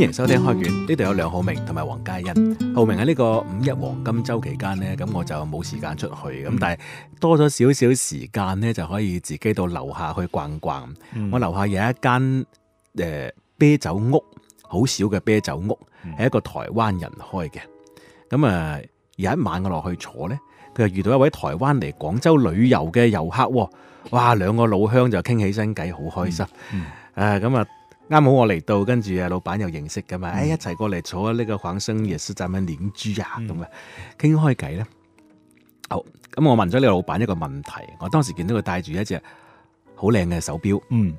歡迎收聽開卷，呢度有梁浩明同埋黃嘉欣。浩明，喺呢個五一黃金周期間呢，咁我就冇時間出去，咁、嗯、但係多咗少少時間呢，就可以自己到樓下去逛逛。嗯、我樓下有一間誒、呃、啤酒屋，好少嘅啤酒屋係、嗯、一個台灣人開嘅。咁啊、呃、有一晚我落去坐呢，佢就遇到一位台灣嚟廣州旅遊嘅遊客，哇、哦，兩個老鄉就傾起身偈，好開心。啊咁啊！嗯嗯呃嗯嗯嗯啱好我嚟到，跟住啊老闆又認識噶嘛，哎一齊過嚟坐喺呢個廣生藥業站咁捻珠啊，咁啊傾開偈咧。好，咁我問咗呢老闆一個問題，我當時見到佢戴住一隻好靚嘅手表、嗯啊，嗯，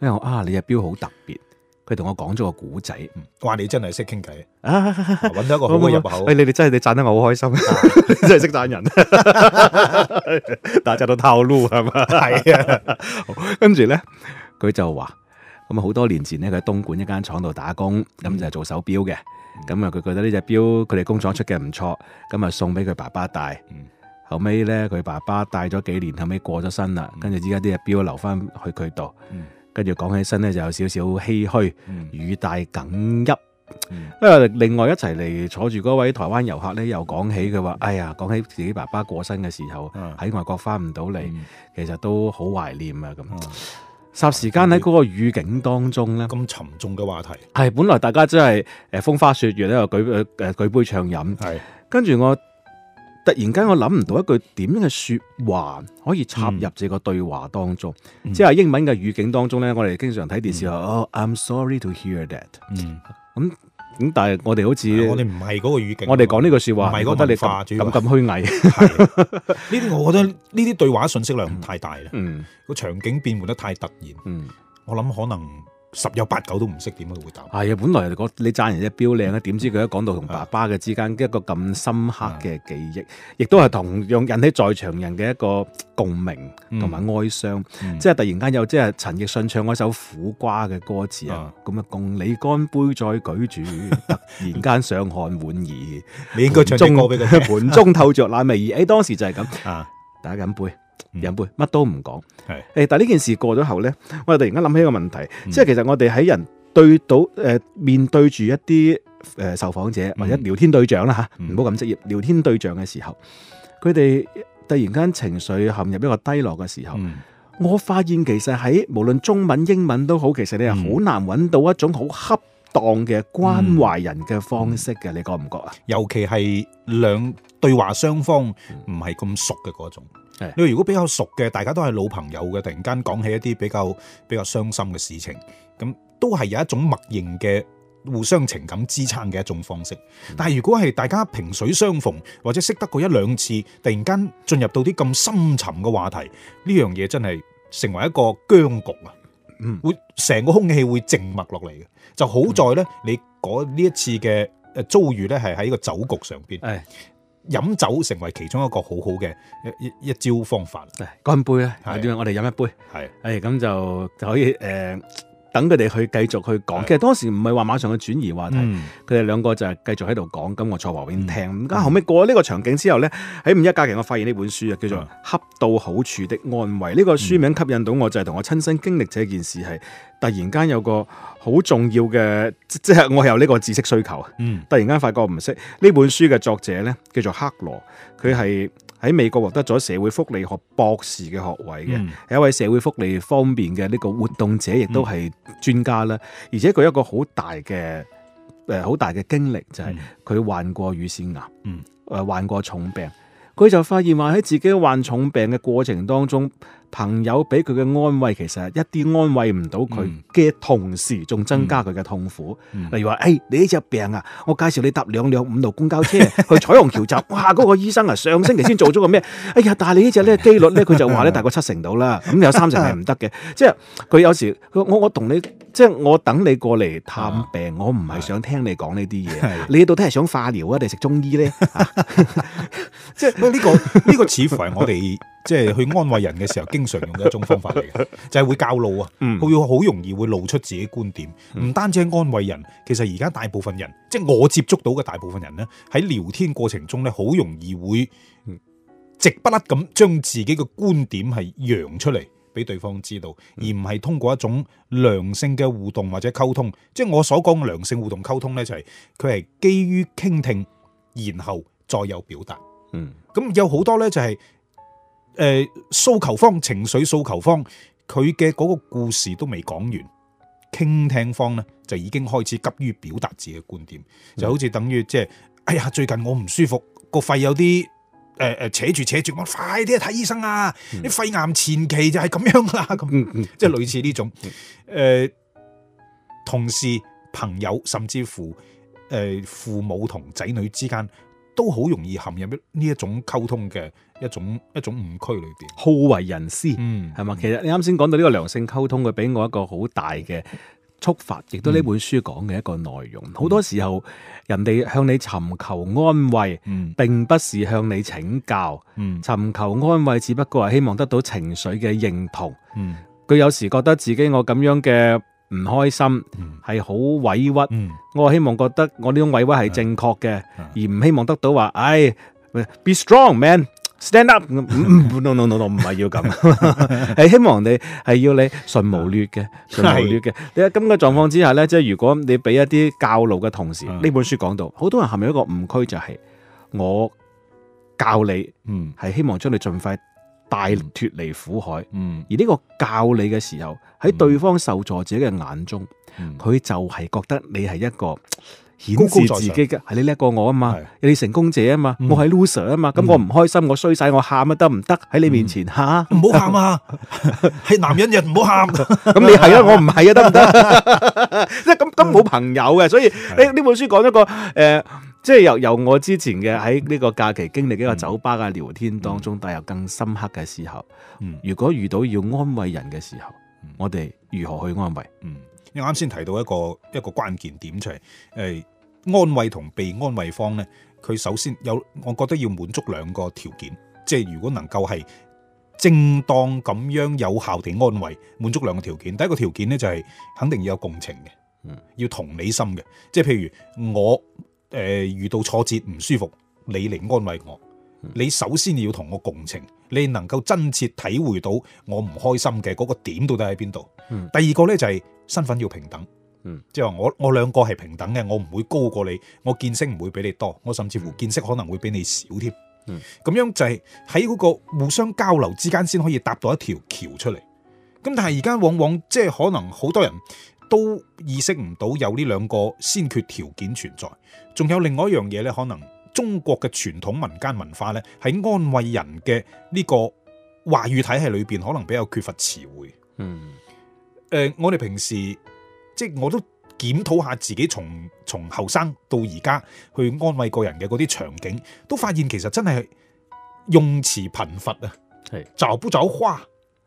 因為我啊你隻表好特別，佢同我講咗個古仔，嗯，話你真係識傾偈，搵咗、啊、一個好入口，啊、你哋真係你讚得我好開心，真係識讚人，大家都套路係嘛，係啊，跟住咧佢就話。咁好多年前咧，佢喺東莞一間廠度打工，咁就做手表嘅。咁啊，佢覺得呢隻表，佢哋工廠出嘅唔錯，咁啊送俾佢爸爸戴。後尾呢，佢爸爸戴咗幾年，後尾過咗身啦，跟住依家呢隻表留翻去佢度。跟住講起身呢，就有少少唏噓，語帶哽泣。因為另外一齊嚟坐住嗰位台灣遊客呢，又講起佢話：哎呀，講起自己爸爸過身嘅時候，喺外國翻唔到嚟，其實都好懷念啊咁。霎時間喺嗰個語境當中咧，咁沉重嘅話題，係本來大家真係誒風花雪月咧，又舉誒舉杯暢飲，係跟住我突然間我諗唔到一句點樣嘅説話可以插入這個對話當中，嗯、即係英文嘅語境當中咧，我哋經常睇電視話、嗯 Oh,，I'm sorry to hear that，嗯，咁、嗯。咁但係我哋好似我哋唔係嗰個語境，我哋講呢句説話唔係覺得你咁咁虛偽。呢 啲我覺得呢啲對話信息量太大啦。個、嗯嗯、場景變換得太突然，嗯、我諗可能。十有八九都唔識點樣回答。係啊，本來你讚人隻標靚咧，點知佢一講到同爸爸嘅之間一個咁深刻嘅記憶，亦都係同樣引起在場人嘅一個共鳴同埋哀傷。嗯、即係突然間有即係陳奕迅唱嗰首苦瓜嘅歌詞啊，咁啊、嗯，共你乾杯再舉箸，嗯、突然間上看滿意， 中你應該唱啲歌俾佢。盤中透着那味兒，誒當時就係咁啊， 大家飲杯。飲杯，乜都唔講。係，誒，但係呢件事過咗後咧，我突然間諗起一個問題，即係其實我哋喺人對到誒面對住一啲誒受訪者或者聊天對象啦吓，唔好咁職業，聊天對象嘅時候，佢哋突然間情緒陷入一個低落嘅時候，我發現其實喺無論中文、英文都好，其實你係好難搵到一種好恰當嘅關懷人嘅方式嘅，你覺唔覺啊？尤其係兩對話雙方唔係咁熟嘅嗰種。你如果比較熟嘅，大家都係老朋友嘅，突然間講起一啲比較比較傷心嘅事情，咁、嗯、都係有一種默認嘅互相情感支撐嘅一種方式。但係如果係大家萍水相逢，或者識得過一兩次，突然間進入到啲咁深沉嘅話題，呢樣嘢真係成為一個僵局啊！嗯，成個空氣會靜默落嚟嘅。就好在呢，嗯、你嗰呢一次嘅誒遭遇呢，係喺個酒局上邊。哎飲酒成為其中一個好好嘅一一,一招方法。乾杯啦，點啊？是我哋飲一杯。係，是，咁就就可以誒、呃、等佢哋去繼續去講。是其實當時唔係話馬上去轉移話題，佢哋兩個就係繼續喺度講。咁我坐旁邊聽。咁、嗯、後尾過咗呢個場景之後呢，喺五一假期，我發現呢本書啊叫做恰到好處的安慰。呢、嗯、個書名吸引到我，就係、是、同我親身經歷這件事係。突然間有個好重要嘅，即、就、係、是、我有呢個知識需求。嗯，突然間發覺唔識呢本書嘅作者咧，叫做克羅，佢係喺美國獲得咗社會福利學博士嘅學位嘅，係、嗯、一位社會福利方面嘅呢個活動者，亦都係專家啦。嗯、而且佢有一個好大嘅誒，好、呃、大嘅經歷就係、是、佢患過乳腺癌，嗯，誒患過重病，佢就發現話喺自己患重病嘅過程當中。朋友俾佢嘅安慰，其實一啲安慰唔到佢嘅，嗯、同時仲增加佢嘅痛苦。例、嗯、如話：誒、欸，你呢隻病啊，我介紹你搭兩兩五路公交車去彩虹橋站。 哇，嗰、那個醫生啊，上星期先做咗個咩？哎呀，但係你隻呢隻咧機率咧，佢就話咧大概七成到啦。咁、 嗯、有三成係唔得嘅。即係佢有時，我我同你，即係我等你過嚟探病，我唔係想聽你講呢啲嘢。 你到底係想化療啊，定係食中醫咧？ 即係呢個呢個，似乎係我哋。即係去安慰人嘅時候，經常用嘅一種方法嚟嘅，就係會教路啊。佢會好容易會露出自己觀點，唔單止係安慰人，其實而家大部分人，即係我接觸到嘅大部分人咧，喺聊天過程中咧，好容易會直不甩咁將自己嘅觀點係揚出嚟俾對方知道，而唔係通過一種良性嘅互動或者溝通。即係我所講嘅良性互動溝通咧，就係佢係基於傾聽，然後再有表達。嗯，咁有好多咧，就係。誒，訴求方情緒訴求方，佢嘅嗰個故事都未講完，傾聽方咧就已經開始急於表達自己嘅觀點，嗯、就好似等於即係，哎呀，最近我唔舒服，個肺有啲誒誒扯住扯住，我快啲去睇醫生啊！嗯、你肺癌前期就係咁樣啦，咁即係類似呢種，誒、呃，同事、朋友，甚至乎誒、呃、父母同仔女之間。都好容易陷入呢一種溝通嘅一種一種誤區裏邊。好為人師，嗯，係嘛？其實你啱先講到呢個良性溝通，佢俾我一個好大嘅觸發，亦都呢本書講嘅一個內容。嗯，好多時候，人哋向你尋求安慰，嗯，並不是向你請教，嗯，尋求安慰，只不過係希望得到情緒嘅認同，嗯，佢有時覺得自己我咁樣嘅。唔開心係好委屈，我希望覺得我呢種委屈係正確嘅，的而唔希望得到話，唉、哎，be strong man，stand up，no no no no，唔係要咁，係 希望你係要你純無劣嘅，純的無劣嘅。你喺咁嘅狀況之下呢，即係的如果你俾一啲教路嘅同事，呢的本書講到，好多人係咪一個誤區就係、是、我教你，嗯，係希望將你盡快。大脫離苦海，而呢個教你嘅時候，喺對方受助者嘅眼中，佢、嗯、就係覺得你係一個顯示自己嘅，係你叻過我啊嘛，是你成功者啊嘛，我係 loser 啊嘛，咁、嗯、我唔開心，我衰晒，我喊得唔得？喺你面前吓，唔好喊啊！係 男人又唔好喊，咁 你係啊，我唔係啊，得唔得？即係咁咁冇朋友嘅，所以誒呢本書講一個誒。呃即係由由我之前嘅喺呢個假期經歷幾個酒吧嘅聊天當中，帶入、嗯、更深刻嘅時候，嗯，如果遇到要安慰人嘅時候，嗯、我哋如何去安慰？嗯，你啱先提到一個一個關鍵點出嚟，誒、就是，安慰同被安慰方咧，佢首先有，我覺得要滿足兩個條件，即係如果能夠係正當咁樣有效地安慰，滿足兩個條件。第一個條件咧就係肯定要有共情嘅，嗯，要同理心嘅，即係譬如我。誒遇到挫折唔舒服，你嚟安慰我。你首先要同我共情，嗯、你能夠真切體會到我唔開心嘅嗰個點到底喺邊度。嗯、第二個呢，就係身份要平等，即係話我我兩個係平等嘅，我唔會高過你，我見識唔會比你多，我甚至乎見識可能會比你少添。嗯、咁樣就係喺嗰個互相交流之間先可以搭到一條橋出嚟。咁但係而家往往即係可能好多人。都意識唔到有呢兩個先決條件存在，仲有另外一樣嘢呢，可能中國嘅傳統民間文化呢，喺安慰人嘅呢個話語體系裏邊，可能比較缺乏詞彙。嗯，呃，我哋平時即我都檢討下自己從，從從後生到而家去安慰個人嘅嗰啲場景，都發現其實真係用詞貧乏啊。係，找不找話？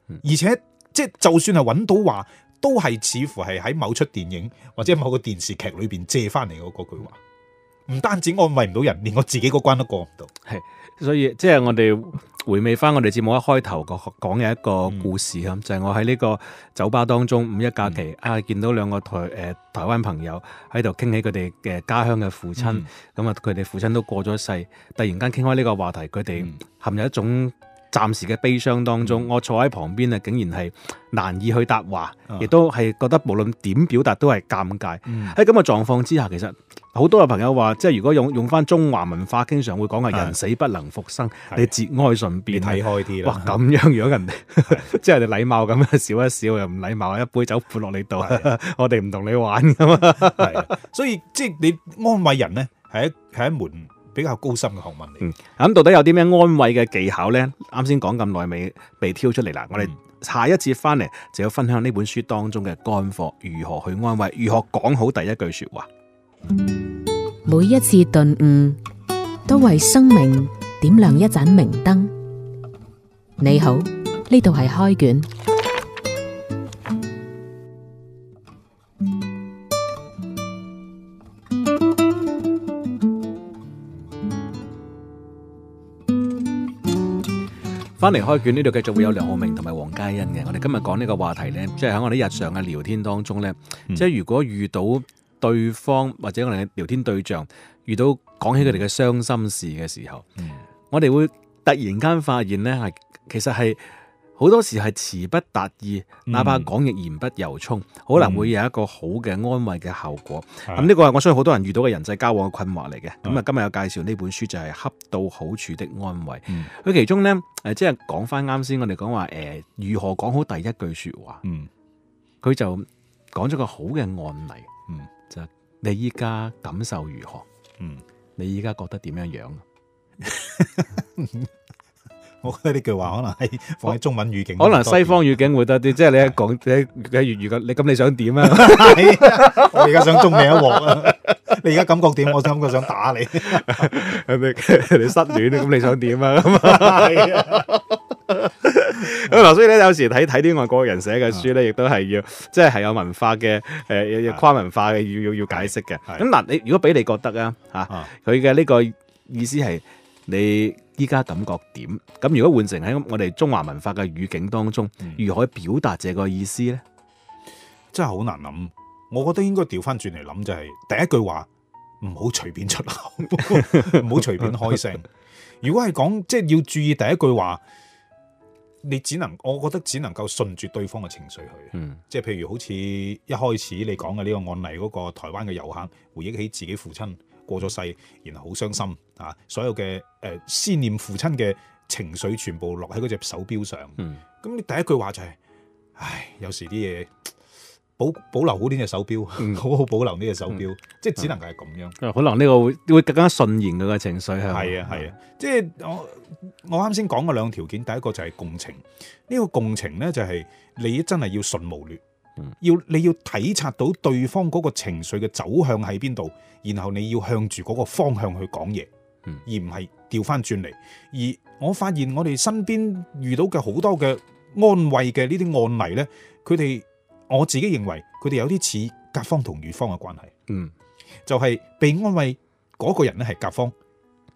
嗯，而且即就算係揾到話。都係似乎係喺某出電影或者某個電視劇裏邊借翻嚟嗰句話，唔單止安慰唔到人，連我自己嗰關都過唔到。係，所以即係我哋回味翻我哋節目一開頭個講嘅一個故事咁，嗯、就係我喺呢個酒吧當中五一假期啊，見、嗯、到兩個台誒、呃、台灣朋友喺度傾起佢哋嘅家鄉嘅父親，咁啊佢哋父親都過咗世，突然間傾開呢個話題，佢哋含有一種。暫時嘅悲傷當中，我坐喺旁邊啊，竟然係難以去答話，亦都係覺得無論點表達都係尷尬。喺咁嘅狀況之下，其實好多嘅朋友話，即係如果用用翻中華文化，經常會講係人死不能復生，你節哀順變，睇開啲啦。哇，咁樣如果人哋即係你禮貌咁，笑一笑又唔禮貌，一杯酒潑落你度，我哋唔同你玩咁啊。所以即係你安慰人呢，係一係一門比較高深嘅學問。嗯，咁、嗯、到底有啲咩安慰嘅技巧呢？啱先講咁耐未被挑出嚟啦，嗯、我哋下一節翻嚟就要分享呢本書當中嘅乾貨，如何去安慰，如何講好第一句說話。每一次頓悟，都為生命點亮一盞明燈。你好，呢度係開卷。翻嚟開卷呢度繼續會有梁浩明同埋黃嘉欣嘅，我哋今日講呢個話題呢，即係喺我哋日常嘅聊天當中呢，嗯、即係如果遇到對方或者我哋嘅聊天對象遇到講起佢哋嘅傷心事嘅時候，嗯、我哋會突然間發現呢，係其實係。好多時係詞不達意，哪怕講亦言不由衷，嗯、可能會有一個好嘅安慰嘅效果。咁呢、嗯嗯這個係我相信好多人遇到嘅人際交往嘅困惑嚟嘅。咁啊、嗯、今日有介紹呢本書就係、是、恰到好處的安慰。佢、嗯、其中呢，呃、即係講翻啱先我哋講話誒，如何講好第一句說話？嗯，佢就講咗個好嘅案例。嗯，就是、你依家感受如何？嗯，你依家覺得點樣樣？ 我覺得呢句話可能係放喺中文語境，可能西方語境會多啲。即、就、係、是、你一講對，你喺粵語咁，你咁你，你想點啊？ 我而家想中一鑊 你一鑊啊！你而家感覺點？我感覺想打你， 你失戀啊？咁你想點啊？咁啊，所以咧，有時睇睇啲外國人寫嘅書咧，亦、uh, 都係要，即係係有文化嘅，誒、呃，要要跨文化嘅，要要要解釋嘅。咁嗱 是的，你 如果俾你覺得啊，吓、啊，佢嘅呢個意思係。你依家感覺點？咁如果換成喺我哋中華文化嘅語境當中，嗯、如何表達這個意思呢？真係好難諗。我覺得應該調翻轉嚟諗，就係第一句話唔好隨便出口，唔好隨便開聲。如果係講，即係要注意第一句話，你只能，我覺得只能夠順住對方嘅情緒去。嗯，即係譬如好似一開始你講嘅呢個案例，嗰、那個台灣嘅遊客回憶起自己父親過咗世，然後好傷心啊！所有嘅誒、呃、思念父親嘅情緒，全部落喺嗰隻手表上。嗯，咁你第一句話就係、是，唉，有時啲嘢保保留好呢隻手表，嗯、好好保留呢隻手表，嗯、即係只能夠係咁樣。可能呢個會會更加順延佢嘅、那個、情緒係。啊係啊，啊嗯、即係我我啱先講嗰兩條件，第一個就係共情。呢、這個共情咧就係你真係要順毛捋。要你要體察到對方嗰個情緒嘅走向喺邊度，然後你要向住嗰個方向去講嘢，而唔係調翻轉嚟。而我發現我哋身邊遇到嘅好多嘅安慰嘅呢啲案例呢，佢哋我自己認為佢哋有啲似甲方同乙方嘅關係，嗯，就係被安慰嗰個人呢係甲方，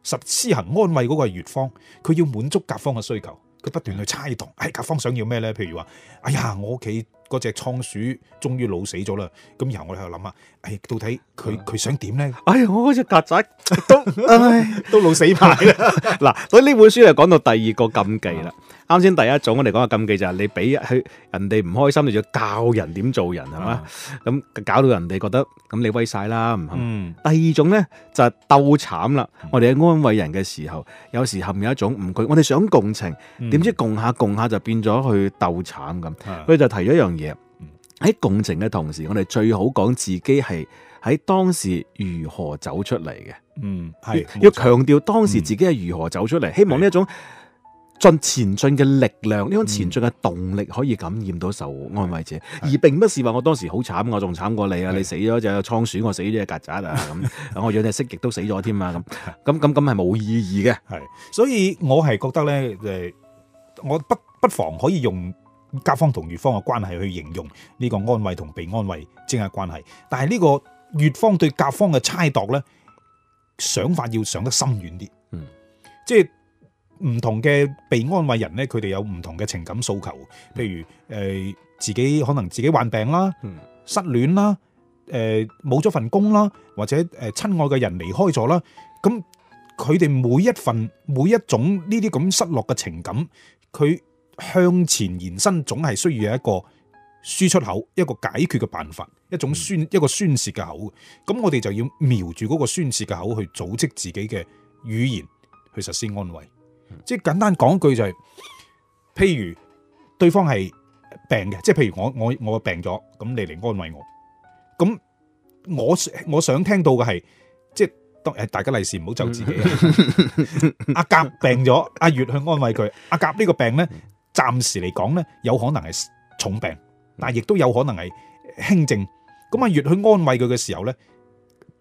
實施行安慰嗰個係乙方，佢要滿足甲方嘅需求，佢不斷去猜度，係、哎、甲方想要咩呢？」譬如話，哎呀，我屋企。嗰隻倉鼠終於老死咗啦，咁然後我哋度諗下，誒、哎、到底佢佢想點咧、哎？哎呀，我嗰隻曱甴都都老死埋啦。嗱，所以呢本書就講到第二個禁忌啦。嗯啱先第一種我哋講嘅禁忌就係你俾佢人哋唔開心，你要教人點做人係嘛？咁、啊嗯嗯、搞到人哋覺得咁你威晒啦。嗯、第二種咧就係、是、鬥慘啦。嗯、我哋喺安慰人嘅時候，有時陷有一種誤區。我哋想共情，點知共下共下就變咗去鬥慘咁。佢、嗯、就提咗一樣嘢，喺共情嘅同時，我哋最好講自己係喺當時如何走出嚟嘅。嗯，係錯要強調當時自己係如何走出嚟，希望呢一種、嗯。盡前進嘅力量，呢種前進嘅動力可以感染到受安慰者，嗯、而並不是話我當時好慘，我仲慘過你啊！是你死咗隻倉鼠，我死咗隻曱甴啊！咁 我養隻蜥蜴都死咗添啊！咁咁咁咁係冇意義嘅。係，所以我係覺得咧誒、呃，我不不妨可以用甲方同乙方嘅關係去形容呢個安慰同被安慰之間嘅關係。但係呢個乙方對甲方嘅猜度咧，想法要想得深遠啲。嗯，即係。唔同嘅被安慰人呢，佢哋有唔同嘅情感訴求，譬如誒、呃、自己可能自己患病啦，嗯呃、失戀啦，誒冇咗份工啦，或者誒親愛嘅人離開咗啦。咁佢哋每一份每一種呢啲咁失落嘅情感，佢向前延伸，總係需要一個輸出口，一個解決嘅辦法，一種宣，嗯、一個宣洩嘅口。咁我哋就要瞄住嗰個宣洩嘅口去組織自己嘅語言去實施安慰。即係簡單講句就係，譬如對方係病嘅，即係譬如我我我病咗，咁你嚟安慰我，咁我我想聽到嘅係，即係當誒大家利是唔好咒自己，阿甲病咗，阿乙去安慰佢，阿甲呢個病咧，暫時嚟講咧，有可能係重病，但係亦都有可能係輕症，咁阿乙去安慰佢嘅時候咧，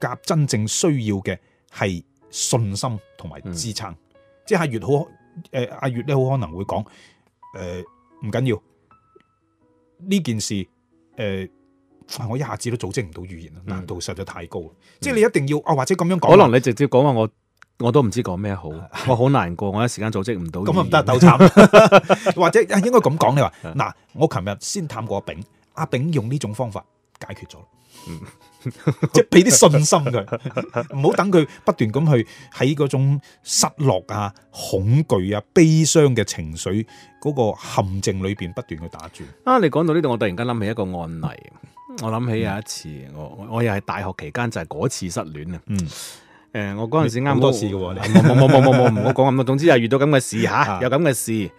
甲真正需要嘅係信心同埋支撐。即係阿月好，誒、呃、阿月咧好可能會講，誒，唔緊要呢件事，誒、呃、我一下子都組織唔到語言啦，難度實在太高。即係你一定要啊、呃，或者咁樣講，可能你直接講話，我，我都唔知講咩好，我好難過，我一時間組織唔 到。咁啊唔得，鬥慘。或者應該咁講，你話嗱、呃，我琴日先探過阿炳，阿炳用呢種方法。解決咗，即係俾啲信心佢，唔好等佢不斷咁去喺嗰種失落啊、恐懼啊、悲傷嘅情緒嗰個陷阱裏邊不斷去打轉。啊，你講到呢度，我突然間諗起一個案例。我諗起有一次，我我又係大學期間就係嗰次失戀啊。誒，我嗰陣時啱好多次嘅，冇冇冇冇冇，唔好講咁多。總之係遇到咁嘅事吓，有咁嘅事。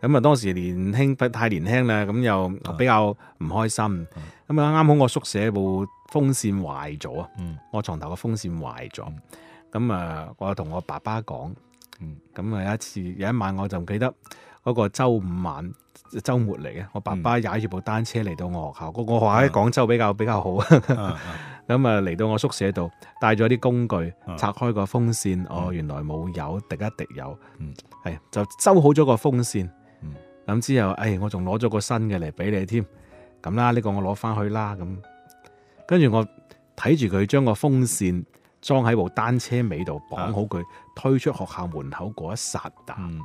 咁啊，當時年輕太年輕啦，咁又比較唔開心。咁啊，啱好我宿舍部風扇壞咗啊！嗯、我床頭個風扇壞咗，咁啊，我同我爸爸講。咁啊，有一次有一晚，我就唔記得嗰個周五晚周末嚟嘅。我爸爸踩住部單車嚟到我學校，我、那、我、個、學校喺廣州比較、嗯、比較好。咁啊，嚟到我宿舍度，帶咗啲工具拆開個風扇，嗯、哦，原來冇油，滴一滴油，係、嗯、就修好咗個風扇。咁、嗯、之後，誒、哎，我仲攞咗個新嘅嚟俾你添。咁啦，呢、這個我攞翻去啦，咁跟住我睇住佢將個風扇裝喺部單車尾度，綁好佢推出學校門口嗰一剎那，但、嗯、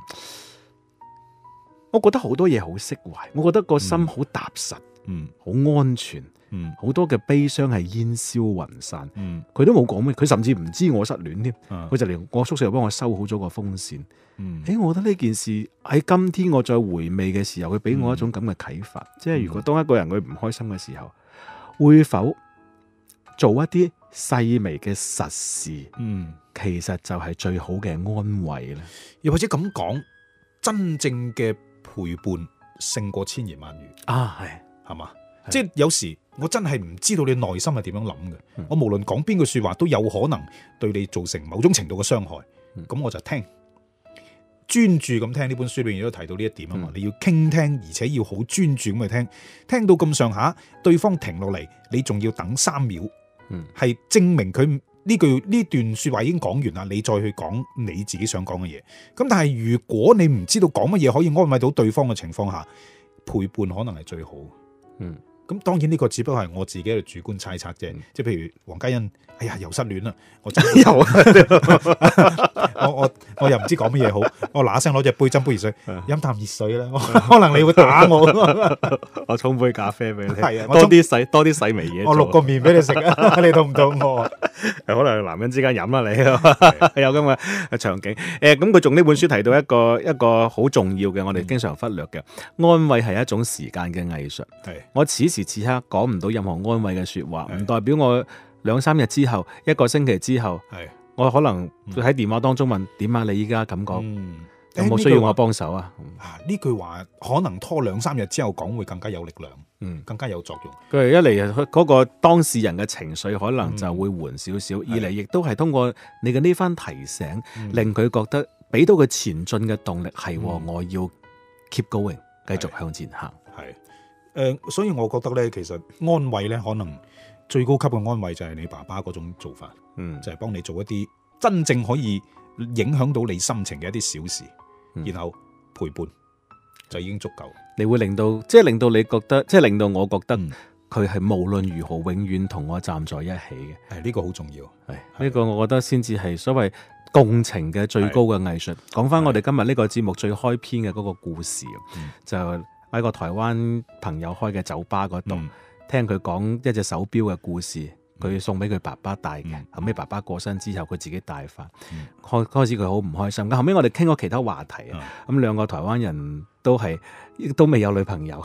我覺得好多嘢好釋懷，我覺得個心好踏實，嗯，好、嗯、安全。嗯，好多嘅悲傷係煙消雲散。嗯，佢都冇講咩，佢甚至唔知我失戀添。佢就嚟我宿舍又幫我收好咗個風扇。嗯，誒，我覺得呢件事喺今天我再回味嘅時候，佢俾我一種咁嘅啟發。即係如果當一個人佢唔開心嘅時候，會否做一啲細微嘅實事？嗯，其實就係最好嘅安慰咧。又或者咁講，真正嘅陪伴勝過千言萬語。啊，係係嘛？即係有時我真係唔知道你內心係點樣諗嘅，嗯、我無論講邊句說話都有可能對你造成某種程度嘅傷害，咁、嗯、我就聽專注咁聽呢本書裏面都提到呢一點啊嘛，嗯、你要傾聽而且要好專注咁去聽，聽到咁上下對方停落嚟，你仲要等三秒，係、嗯、證明佢呢句呢段說話已經講完啦，你再去講你自己想講嘅嘢。咁但係如果你唔知道講乜嘢可以安慰到對方嘅情況下，陪伴可能係最好。嗯。咁當然呢個只不過係我自己嘅主觀猜測啫，即係譬如黃家欣，哎呀又失戀啦，我真係又，我我我又唔知講乜嘢好，我嗱嗱聲攞隻杯斟杯水熱水，飲啖熱水啦，可能你會打我， 我沖杯咖啡俾你，多啲細多啲細微嘢， 我淥個麵俾你食啊， 你懂唔懂我？可能男人之間飲啦、啊，你 有咁嘅場景。誒、呃，咁佢仲呢本書提到一個一個好重要嘅，我哋經常忽略嘅，嗯、安慰係一種時間嘅藝術。係的，的我此此刻講唔到任何安慰嘅說話，唔代表我兩三日之後，一個星期之後，係的我可能會喺電話當中問點啊？嗯、你依家感覺、嗯、有冇需要我幫手啊？啊，呢句話可能拖兩三日之後講會更加有力量，嗯，更加有作用。佢係一嚟，嗰、嗰個當事人嘅情緒可能就會緩少少；二嚟、嗯，亦都係通過你嘅呢番提醒，嗯、令佢覺得俾到佢前進嘅動力係，嗯、我要 keep going，繼續向前行。誒，所以我覺得咧，其實安慰咧，可能最高級嘅安慰就係你爸爸嗰種做法，嗯，就係幫你做一啲真正可以影響到你心情嘅一啲小事，嗯、然後陪伴就已經足夠。你會令到，即、就、係、是、令到你覺得，即、就、係、是、令到我覺得佢係無論如何永遠同我站在一起嘅。誒、嗯，呢、這個好重要，係呢個我覺得先至係所謂共情嘅最高嘅藝術。講翻的我哋今日呢個節目最開篇嘅嗰個故事，就。的喺個台灣朋友開嘅酒吧嗰度，聽佢講一隻手表嘅故事，佢送俾佢爸爸戴嘅，後尾爸爸過身之後，佢自己戴翻。開開始佢好唔開心，咁後尾我哋傾過其他話題，咁兩個台灣人都係都未有女朋友，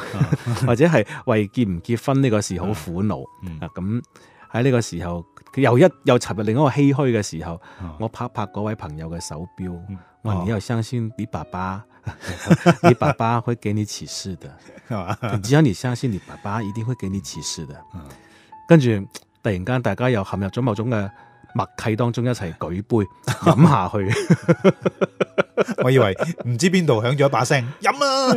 或者係為結唔結婚呢個事好苦惱。咁喺呢個時候，又一又陷入另一個唏噓嘅時候，我拍拍嗰位朋友嘅手表，話你又相先俾爸爸。 你爸爸會給你啟示的，只要你相信，你爸爸一定會給你啟示的。跟住 突然間大家又陷入咗某種嘅默契當中，一齊舉杯飲 下去。 我以為唔知邊度響咗一把聲飲啊！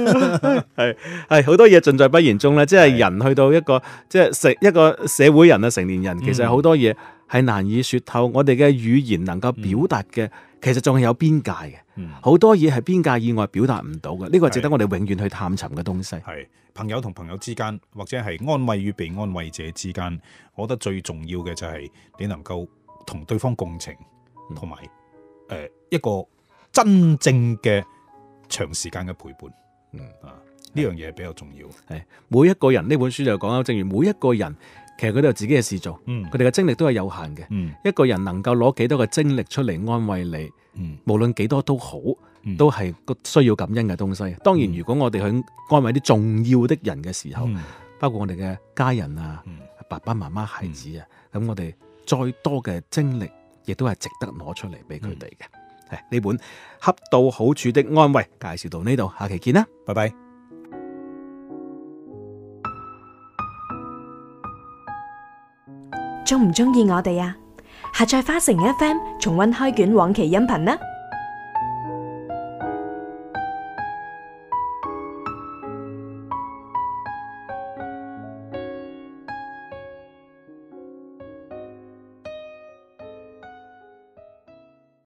係係好多嘢盡在不言中咧。即係人去到一個是即係成一個社會人啊，成年人其實好多嘢。嗯係難以説透，我哋嘅語言能夠表達嘅，其實仲係有邊界嘅。好多嘢係邊界以外表達唔到嘅，呢個係值得我哋永遠去探尋嘅東西。係朋友同朋友之間，或者係安慰與被安慰者之間，我覺得最重要嘅就係你能夠同對方共情，同埋誒一個真正嘅長時間嘅陪伴。嗯啊，呢樣嘢比較重要。係每一個人呢本書就講啦，正如每一個人。其實佢都有自己嘅事做，佢哋嘅精力都係有限嘅。嗯、一個人能夠攞幾多嘅精力出嚟安慰你，嗯、無論幾多都好，嗯、都係需要感恩嘅東西。當然，嗯、如果我哋去安慰啲重要的人嘅時候，嗯、包括我哋嘅家人啊、嗯、爸爸媽媽、孩子啊，咁、嗯、我哋再多嘅精力，亦都係值得攞出嚟俾佢哋嘅。係呢、嗯哎、本《恰到好處的安慰》，介紹到呢度，下期見啦，拜拜。鍾唔鍾意我哋呀？下載花城 FM 重溫開卷往期音頻啦！